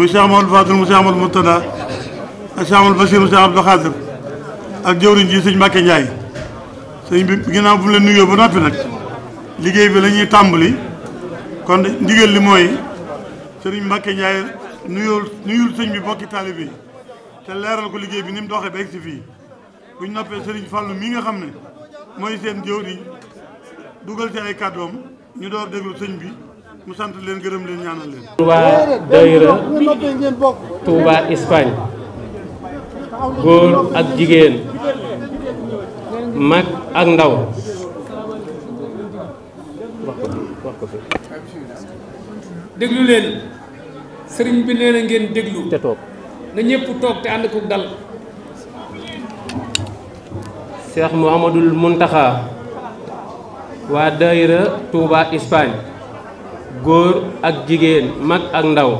muy Cheikh Amadou Fadil mu Cheikh Amadou Murtada ak Cheikh Amadou ak jëwriñ ji sëñ Mbacke Ndiaye sëñ bi ginnaaw bu mu leen nuyoo ba noppi nag liggéey bi la ñuy tàmbali kon ndigal li mooy sëriñ Mbacke Ndiaye nuyul nuyul sëñ bi bokki taalib yi te leeral ko liggéey bi ni mu doxee ba egg si fii bu noppee sëriñ Fallou mii nga xam ne mooy seen jëwriñ dugal ci ay kàddoom ñu door déglu sëñ bi mu sant leen gërëm leen ñaanal leen. Touba Espagne góor ak jigéen mag ak ndaw. déglu sëriñ bi nee na ngeen déglu. te toog na ñëpp toog te ànd ko dal. Cheikh Mouhamadul Mountakha waa Daïra Touba Espagne. góor ak jigéen mag ak ndaw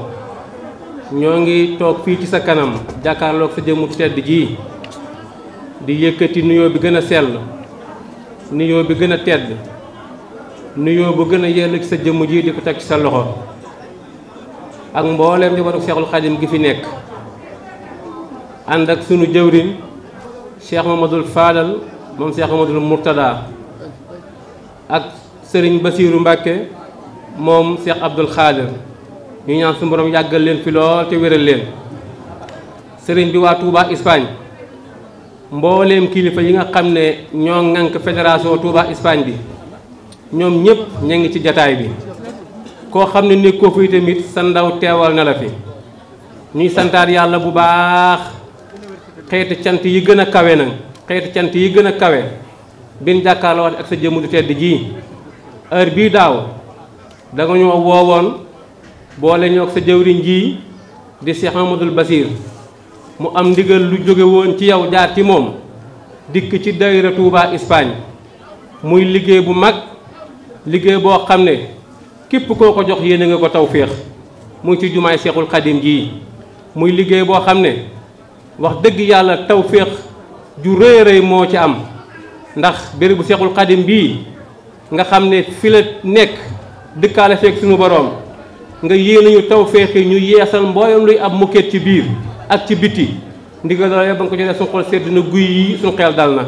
ñoo ngi toog fii ci sa kanam jàkkaarlook sa jëmu tedd ji di yëkkati nuyoo bi gën a sell nuyoo bi gën a tedd nuyoo bu gën a yell ci sa jëmm ji di ko teg ci sa loxo ak mbooleem di waruk Seexul Xadim gi fi nekk ànd ak sunu jëwrin ma matul Faadal moom Cheikh Mamadul Murtada ak Sëriñ Basiiru Mbàkke moom Cheikh Abdoul Khadir ñu ñaan suñu yàggal leen fi lool te wéral leen sëriñ bi waa Touba Espagne mbooleem kilifa yi nga xam ne ñoo ŋànk fédération Touba Espagne bi ñoom ñëpp ña ngi ci jataay bi koo xam ne nekkoo fi tamit sa ndaw teewal na la fi ñuy santaar yàlla bu baax xeeti cant yi gën a kawe nag xeeti cant yi gën a kawe bin jàkkaarloo ak sa jëmm du tedd ji heure bii daaw danga nga ñoo woowoon boole ñoo sa jëwriñ ji di Cheikh Amadou Basir mu am ndigal lu jóge woon ci yow jaar ci moom dikk ci daayira Touba Espagne muy liggéey bu mag liggéey boo xam ne képp koo ko jox yéene nga ko tawféex muy ci jumaay Cheikhul Khadim ji muy liggéey boo xam ne wax dëgg yàlla tawféex ju rëy rëy moo ci am ndax bérébu Cheikhul Khadim bii nga xam ne fi nekk dëkkaale feeg suñu boroom nga yéene ñu taw feexi ñu yeesal mboolem luy ab mukket ci biir ak ci biti ndigal loolu ba ko joxee suñu xol sedd na guy yi suñu xel dal na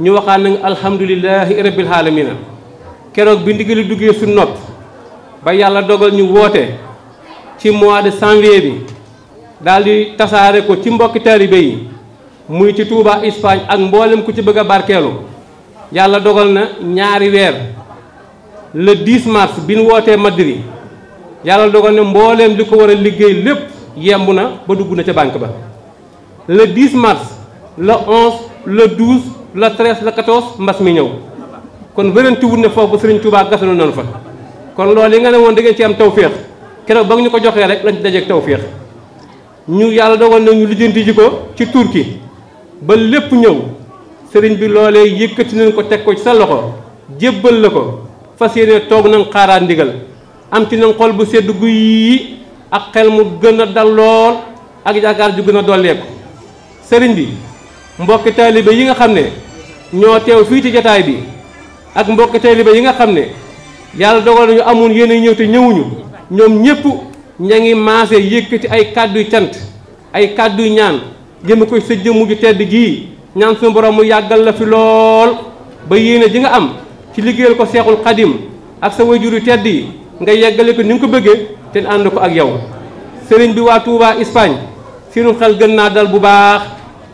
ñu waxaan waxaat nañ alhamdulilahi rabbil alamina keroog bi ndigali duggee suñu nopp ba yàlla dogal ñu woote ci mois de janvier bi daal di tasaare ko ci mbokki taalibe yi muy ci Touba Espagne ak mboolem ku ci bëgg a barkeelu yàlla dogal na ñaari weer le 10 mars bi ñu wootee Madrid yàlla dogal ne mbooleem li ko war a liggéey lépp yemb na ba dugg na ca banque ba le 10 mars le 11 le 12 le 13 la 14 mbas mi ñëw kon wérantiwul ne foofu Sëriñ Tuubaa gasanu noonu fa kon lool yi nga ne woon da ngeen ci am tawféex keroog ba ñu ko joxee rek lañ ci dajeeg tawféex ñu yàlla dogal na ñu lijjanti ji ko ci Turki ba lépp ñëw sëriñ bi loolee yëkkati nañ ko teg ko ci sa loxo jébbal la ko fas yéene toog nañ xaaraat ndigal am ci nañ xol bu sedd guy ak xel mu gën a dal lool ak yaakaar ju gën a dolleeku sëriñ bi mbokki taalibe yi nga xam ne ñoo teew fii ci jataay bi ak mbokki taalibe yi nga xam ne yàlla dogal nañu amul yéen ñëw te ñëwuñu ñoom ñëpp ña ngi maase yëkkati ay kàdduy cant ay kàdduy ñaan jëme koy sa jëmm ju tedd jii ñaan suñu borom mu yàggal la fi lool ba yéene ji nga am ci liggéeyal ko seexul xadim ak sa wayjur yu tedd yi nga yeggale ko ni nga ko bëggee te ànd ko ak yow sëriñ bi waa Touba Espagne sinu xel gën naa dal bu baax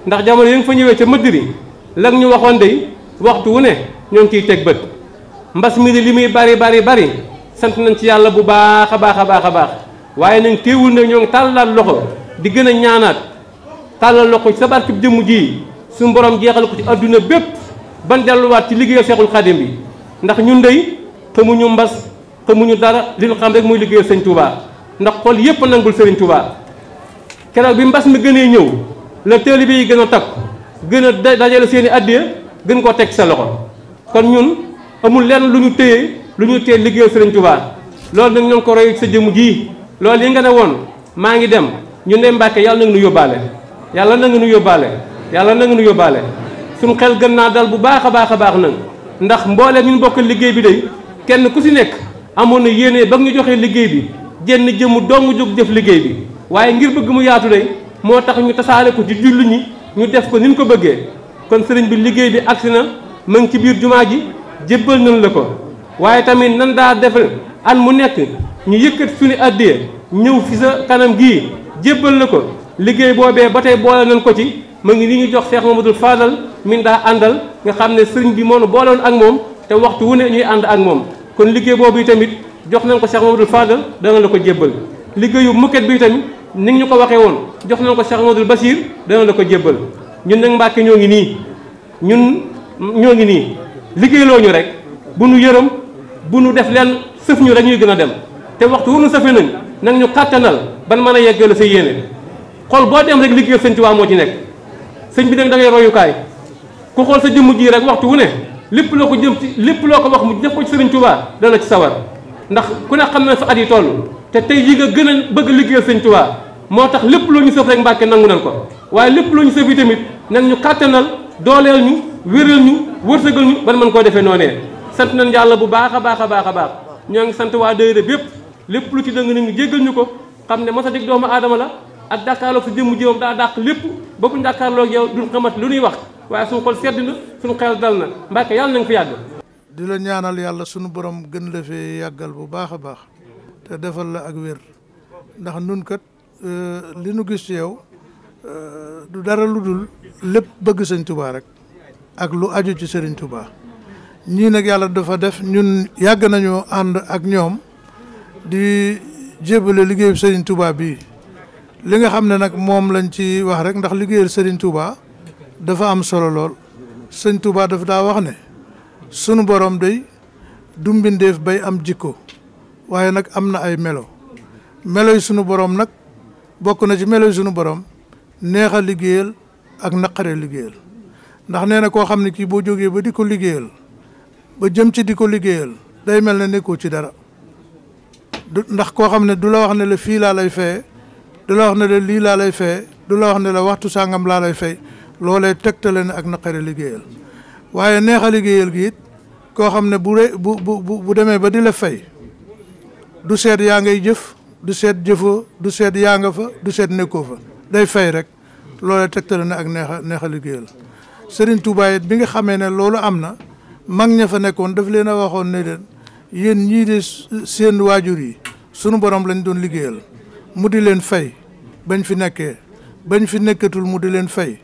ndax jamono yi nga fa ñëwee ca Madrid la ñu waxoon dey waxtu wu ne ñoo ngi ciy teg bët mbas mi di li muy bari bari bari sant nañ ci yàlla bu baax a baax a baax a baax waaye nañ téewul nag ñoo ngi tàllal loxo di gën a ñaanaat tàllal loxo ci sa barkeb jëmm ji suñu borom jeexal ko ci adduna bépp ban delluwaat ci liggéeyal seexul xadim bi ndax ñun dey xamuñu mbas xamuñu dara li ñu xam rek muy liggéeyal sëñ Touba ndax xol yépp nangul sëriñ tubaa keroog bi mbas mi gënee ñëw la taalibe yi gën a takk gën a dajale seeni i addiya gën koo teg sa loxo kon ñun amul lenn lu ñu téye lu ñu téye liggéeyal sëriñ tubaa loolu nag ñoo ko roy sa jëmu gii loolu yi nga ne woon maa ngi dem ñu ne Mbàkke yàlla nanga nu yóbbaale yàlla nanga nu yóbbaale yàlla nanga nu yóbbaale suñu xel gën naa dal bu baax a baax a baax nag ndax mbooleem ñu bokk liggéey bi day kenn ku si nekk amoon na yéene ba ñu joxee liggéey bi jenn jëmu dong jóg def liggéey bi waaye ngir bëgg mu yaatu day moo tax ñu tasaale ko ci jullu ñi ñu def ko ni ko bëggee kon sëriñ bi liggéey bi agsi na mu ngi ci biir jumaa ji jébbal nañ la ko waaye tamit nan daa defal an mu nekk ñu yëkkat suñu addee ñëw fi sa kanam gii jébbal la ko liggéey boobee ba tey boole nañ ko ci mu ngi ni ñu jox Cheikh Mamadou Fadal min daa àndal nga xam ne sëriñ bi moo nu boolewoon ak moom te waxtu wu ne ñuy ànd ak moom kon liggéey boobu yi tamit jox nañ ko Cheikh Mamadou Fadal dana la ko jébbal liggéeyu mukket bi tamit ni ñu ko waxee woon jox nañ ko Cheikh Mamadou Basir dana la ko jébbal ñun nag Mbàkke ñoo ngi nii ñun ñoo ngi nii liggéeyloo ñu rek bu nu yërëm bu nu def leen sëf ñu rek ñuy gën a dem te waxtu wu nu sëfee nañ nag ñu kàttanal ban mën a yeggale sa yéene xol boo dem rek liggéey sëñ Tuubaa moo ci nekk sëñ bi nag da ngay ku xool sa jëmm ji rek waxtu wu ne lépp loo ko jëm ci lépp loo ko wax mu def ko ci Sëriñ Tuubaa dana ci sawar ndax ku ne xam na fa at yi toll te tey yi nga gën a bëgg a liggéeyal Sëriñ Tuubaa moo tax lépp loo ñu sëf rek Mbàkke nangu nan ko waaye lépp loo ñu sëf tamit nag ñu kàttanal dooleel ñu wéral ñu wërsëgal ñu ban mën koo defee noonee sant nañ njàll bu baax a baax a baax a baax ñoo ngi sant waa daayira bépp lépp lu ci dëng nañu jéggal ñu ko xam ne masa dig doomu aadama la ak dàkkaarloog sa jëmm jëmam daa dàq lépp ba bu ñu dàkkaarloog yow lu ñuy wax waaye suñu xol sedd na suñu xel dal na Mbàkke yàlla na nga fi yàgg. di la ñaanal yàlla suñu borom gën la fi yàggal bu baax a baax te defal la ak wér ndax nun kat euh, li nu gis ci yow euh, du dara lu dul lépp bëgg sëñ Touba rek ak lu aju ci sëriñ tubaa ñii nag yàlla dafa def ñun yàgg nañoo ànd ak ñoom di jébale liggéeyu sëriñ Touba bii li nga xam ne nag moom lañ ci wax rek ndax liggéeyal sëriñ tubaa dafa am solo lool sëñ Touba daf daa wax ne sunu borom day du mbindeef bay am jikko waaye nag am na ay melo melo yi sunu borom nag bokk na ci melo yi sunu borom neex a liggéeyal ak naqare liggéeyal ndax nee na koo xam ne kii boo jógee ba di ko liggéeyal ba jëm ci di ko liggéeyal day mel na nekkoo ci dara ndax koo xam ne du la wax ne la fii laa lay feye du la wax ne la lii laa lay feye du la wax ne la waxtu sàngam laa lay fay loolee tegtale na ak naqare liggéeyal waaye neex a liggéeyal gi koo xam ne bu re bu bu demee ba di la fay du seet yaa ngay jëf du seet jëfoo du seet yaa nga fa du seet nekkoo fa day fay rek loolee tegtale na ak neex a neex a liggéeyal Serigne Touba bi nga xamee ne loolu am na mag ña fa nekkoon daf leen a waxoon ne leen yéen ñii de seen waajur yi sunu borom lañu doon liggéeyal mu di leen fay bañ fi nekkee bañ fi nekkatul mu di leen fay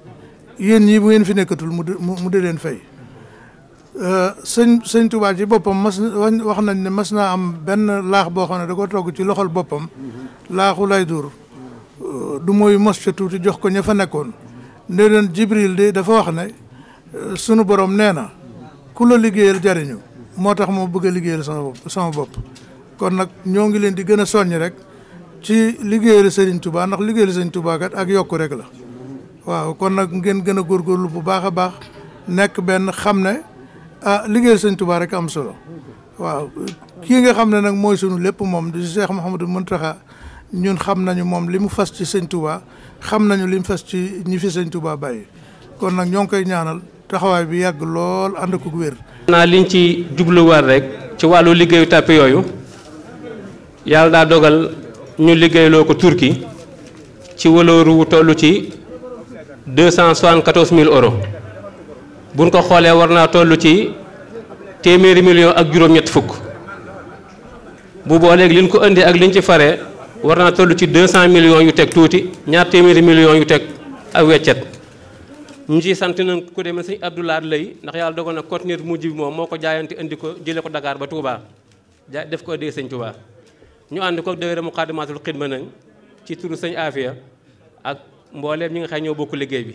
yéen ñii mu ngeen fi nekkatul mu mu di leen fay euh, sëñ sëñ Tuubaa ci boppam mas wax nañ ne mas naa am benn laax boo xam ne da togg ci loxol boppam laaxu lay dur euh, du mooy mos ca tuuti jox ko ña fa nekkoon ne leen Jibril de dafa wax ne euh, sunu borom nee na ku la liggéeyal jariñu moo tax moo bëgg a liggéeyal sama bopp sama bopp kon nag ñoo ngi leen di gën a soññ rek ci liggéeyal Sëriñ Tuubaa ndax liggéeyal Sëriñ Tuubaa kat ak yokku rek la waaw kon nag ngeen gën a góorgóorlu bu baax a baax nekk benn xam ne ah liggéey sëñ Tuubaa rek am solo waaw kii nga xam ne nag mooy sunu lépp moom di Cheikh Mouhamadou Mountakha ñun xam nañu moom li mu fas ci sëñ Tuubaa xam nañu li mu fas ci ñi fi sëñ Tuubaa bàyyi kon nag ñoo ngi koy ñaanal taxawaay bi yàgg lool ànd ko wér. naa liñ ci jubluwaat rek ci wàllu liggéeyu tàpp yooyu yàlla daa dogal ñu liggéeyloo ko Turki ci walooru wu toll ci. deux cent soixante-quatorze mille euros buñ ko xoolee war naa tollu ci téeméeri million ak juróom-ñett fukk bu booleeg liñ ko indi ak liñ ci fare war naa tollu ci deux cent millions yu teg tuuti ñaar téeméeri millions yu teg ak weccet ñu ci sant nañ ku demee sëñ Abdoulaat lay ndax yàlla dogal na conteneur bu mujj bi moom moo ko jaayante indi ko jële ko Dakar ba Touba jaay def ko ëddee sëñ Touba ñu ànd ko daayira Muqaddamatul Xidma nañ ci turu sëñ Afia ak mbooleem ñi ngi xay ñoo bokk liggéey bi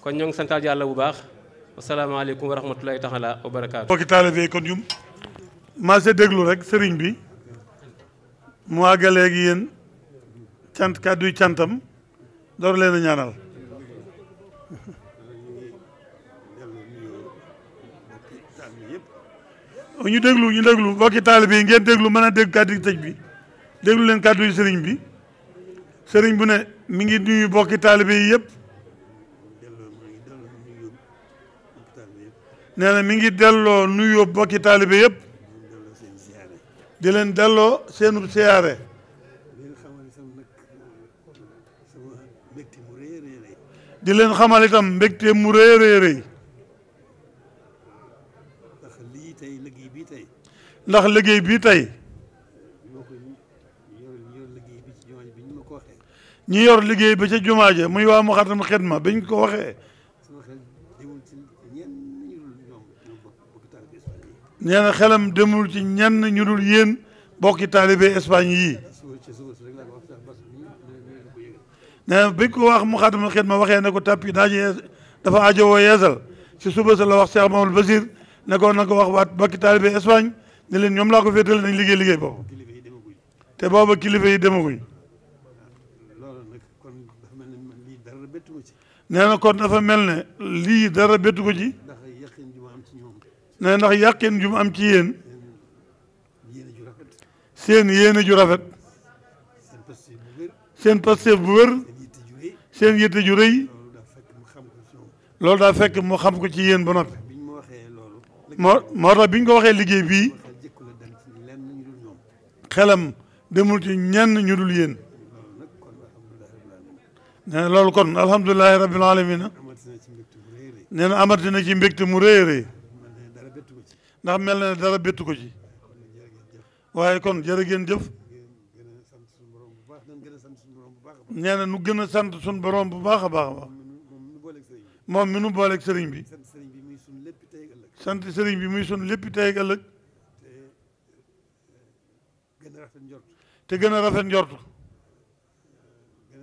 kon ñoo ngi santaat yàlla bu baax asalaamaaleykum wa rahmatulahi taala wa barakaatu bokki taalibe kon yum maa se rek sëriñ bi mu àggaleeg yéen cant kàdduy cantam door leen a ñaanal oh, ñu déglu ñu déglu bokki taalibe ngeen déglu mën a dégg kàddu tëj bi déglu leen kàdduy sëriñ bi sëriñ bu ne mi ngi nuyu bokki taalibe yi yëpp nee na mi ngi delloo nuyoo bokki taalibe yëpp di leen delloo seenu siyaare di leen xamal itam mbégte mu rëy rëy rëy ndax lii tey liggéey bi tey ndax liggéey bii tey ñi yor liggéey ba ca jumaa ja muy waa mu Muxaddam Xidma biñ ko waxee nee na xelam demul ci ñenn ñu dul yéen bokki taalibe Espagne yii nee na biñ ko wax Muxaddam Xidma waxee ne ko tàppi daaje dafa ajowoo yeesal si suba sa la wax Cheikh Mamadou Basir ne ko na ko wax waat bokki taalibe Espagne ne leen ñoom laa ko féetale nañ liggéey liggéey boobu te booba kilifa yi demaguñ nee na kon dafa mel ne lii dara bettu ko ci nee ndax yàqeen ju mu am ci yéen seen yéene ju rafet seen pasteef bu wër seen yitte ju rëy loolu daa fekk mu xam ko ci yéen ba noppi moo moo tax bi ñu ko waxee liggéey bii xelam demul ci ñenn ñu dul yéen nee na loolu kon alhamdulilahi rabbil alamina nee na amati na ci mbégte mu rëy a rëy ndax mel na ne dara bettu ko ci waaye kon jërë ngeen jëf nee na nu gën a sant suñu borom bu baax a baax a baax moom mi nu booleeg sëriñ bi sant sëriñ bi muy suñu lépp tey ak ëllëg te gën a rafet njort te gën a rafet njort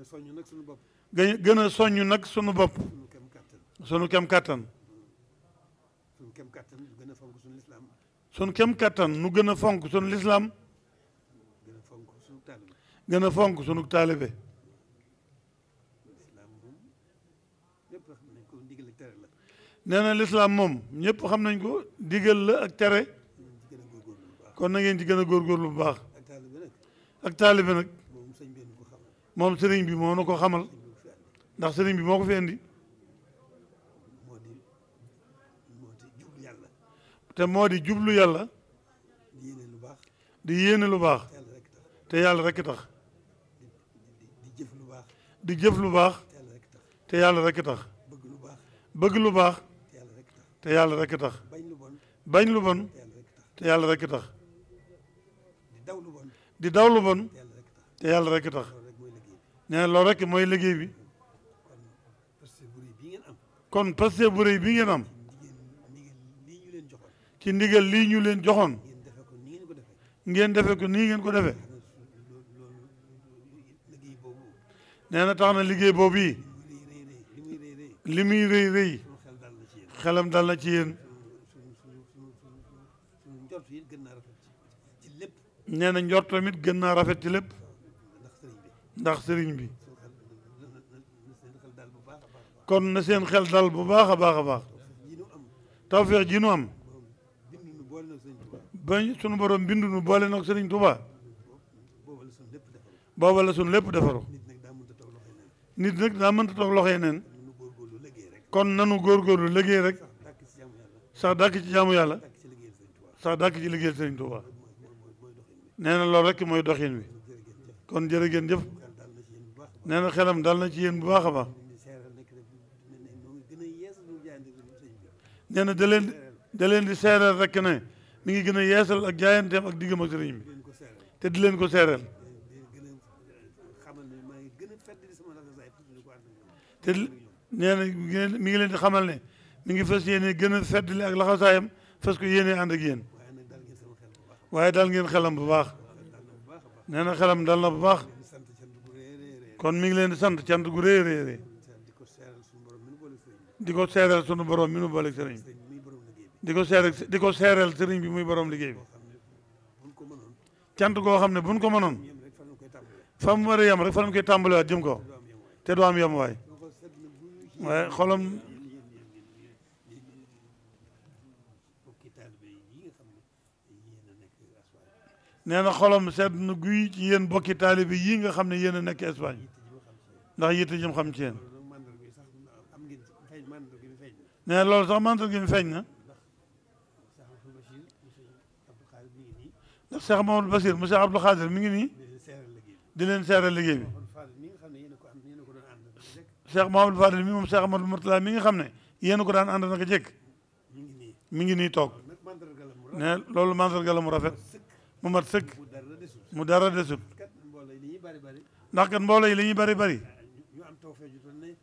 a soññ nag sunu bopp. gën a nag sunu bopp. sunu kem kattan. sunu kem kattan. sunu kem kattan nu gën a fonk sunu lislaam. sunu kem gën a fonk sunu lislaam. gën a fonk sunu taalibe. gën a fonk sunu taalibe. nee na lislaam moom ñëpp xam nañ ko digal la ak tere. kon na ngeen ci gëna a góorgóorlu bu baax. ak taalibe nag. moom sëriñ bi moo na ko xamal ndax sëriñ bi moo ko fi indi te moo di jublu yàlla di yéene lu baax te yàlla rekk tax di jëf lu baax te yàlla rekk tax bëgg lu baax te yàlla rekk tax bañ lu bon te yàlla rekk tax di daw lu bon te yàlla rekk tax nee na loolu rek mooy liggéey bi kon paste bu rëy bi ngeen am ci ndigal lii ñu leen joxoon ngeen defe ko nii ngeen ko defe nee na tax na liggéey boobu yi li muy rëy rëy xelam dal na ci yéen neen na njort tamit gën naa rafet ci lépp ndax sëriñ bi kon na seen xel dal bu baax a baax a baax tawfeex ji nu am ba sunu borom bindu nu boole nag sëriñ Tuubaa booba la sunu lépp defaru nit nag daa mënta toog loxo yeneen kon nanu góorgóorlu liggéey rek sax dàkk ci jaamu yàlla sax dàkk ci liggéey sëriñ Tuubaa nee na loolu rek mooy doxin wi kon jërë ngeen jëf nee na xelam dal na ci yéen bu baax a baax nee na da leen da leen di seereel rek ne mi ngi gën a yeesal ak jaayanteem ak diggam ak sëriñ bi te di leen ko seereel te nee na mi ngi leen di xamal ne mu ngi fas yéene gën a feddli ak laxasaayam fas ko yéene ànd ak yéen waaye dal ngeen xelam bu baax nee na xelam dal na bu baax kon mi ngi leen di sant cant gu rëy rëy rëy di ko seeral sunu borom mi nu boole sëriñ di ko seeral di ko seeral sëriñ bi muy borom liggéey bi cant goo xam ne buñ ko mënoon fa mu war a yem rek fa mu koy tàmbaliwaat jëm ko te du am yem waay waaye xolam nee na xolam sedd na guy ci yéen bokki taalibe yii nga xam ne yéen a nekk Espagne ndax yitte jëm xam ci yéen ne loolu sax mantul gi mi feeñ na ndax Cheikh Mamadou Basir mu Cheikh Abdou Khadir mi ngi nii di leen seeral liggéey bi Cheikh Mamadou Fadil mi moom Cheikh Amadou Mourtala mi ngi xam ne yéen ko daan ànd naka jekk mi ngi nii toog ne loolu mandarga la mu rafet mu mat sëkk mu dara de desut ndax kat mbooloo yi li ñuy bari bari tawfeex ju toll ne eh,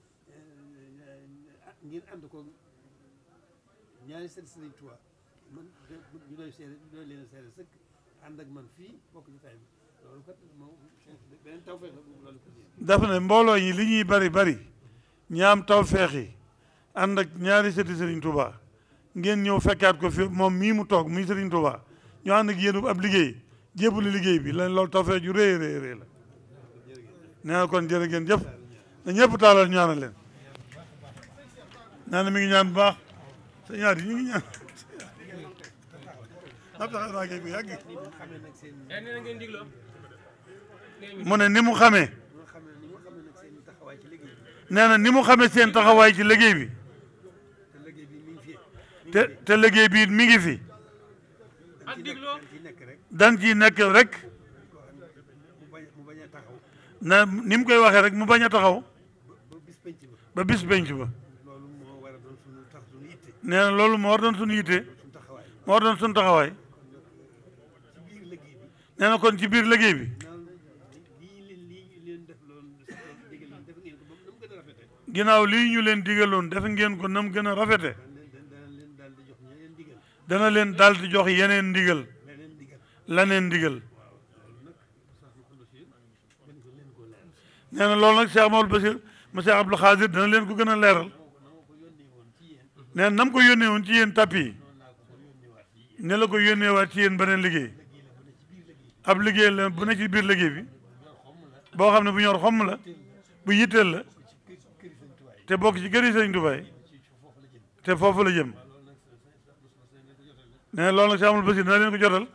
ngeen ànd ko ñaari seen Sëriñ Tuubaa man ñu doy man fii bokk ci tay bi loolu mbooloo yi li ñuy bari bari ñaam tawfeex yi ànd ak ñaari sëti Sëriñ Tuubaa ngeen ñëw fekkaat ko fi moom mii mu toog mii Sëriñ Tuubaa ñu ànd ak yéen ab liggéey jébbalu liggéey bi lan loolu tawfeex ju rëy rëy rëy la nee kon jërë ngeen jëf na ñëpp taalal ñaanal leen ñaan mi ngi ñaan bu baax sa ñaar ñu ngi ñaan ab taxa naa kay bu mu ne ni mu xamee nee na ni mu xamee seen taxawaay ci liggéey bi te te liggéey bi mi ngi fi dan ciy nekk rek na ni mu koy waxee rek mu bañ a taxaw ba bis penc ba nee na loolu moo war doon suñu yitte moo war doon suñu taxawaay nee na kon ci biir liggéey bi ginnaaw lii ñu leen digaloon def ngeen ko nam gën a rafete dana leen daal di jox yeneen ndigal laneen ndigal nee na loolu nag Cheikh Maodo Bachir monsieur Abdou Khadir dana leen ko gën a leeral neen nam ko yónnee woon ci yéen tàpp yi la ko yónnee waat ci yéen beneen liggéey ab liggéey la bu ci biir liggéey bi boo xam ne bu ñor xomm la bu yitteel la te bokk ci këri Sëñ Tuubaa te foofu la jëm ne loolu nag si basi dana leen ko jotal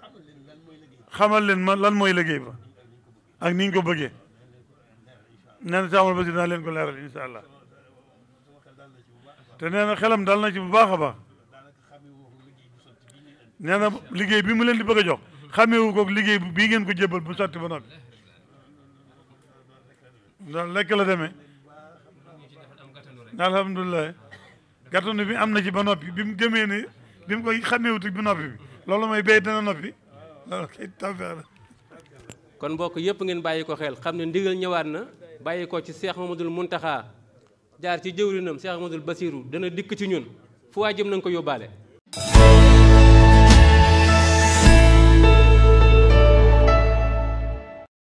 xamal leen ma lan mooy liggéey ba ak ni ko bëggee nee na taamal bëgg dinaa leen ko leeral incha allah te nee xelam dal na ci bu baax a baax nee na liggéey bi mu leen di bëgg a jox xameewu ko liggéey bii ngeen ko jébbal bu sotti ba noppi ndax lekk la demee alhamdulilah gàttanu bi am na ci ba noppi bi mu gëmee ni bi mu koy xameewutu bi noppi bi loolu mooy béy dana noppi loolu kay tawfeex la kon mbokk yépp ngeen bàyyi ko xel xam ne ndigal ñëwaat na bàyyi ko ci Cheikh Mamadul Muntaxa jaar ci jëwrinam Cheikh Mamadul Basiru dana dikk ci ñun fu waa jëm nañu ko yóbbaale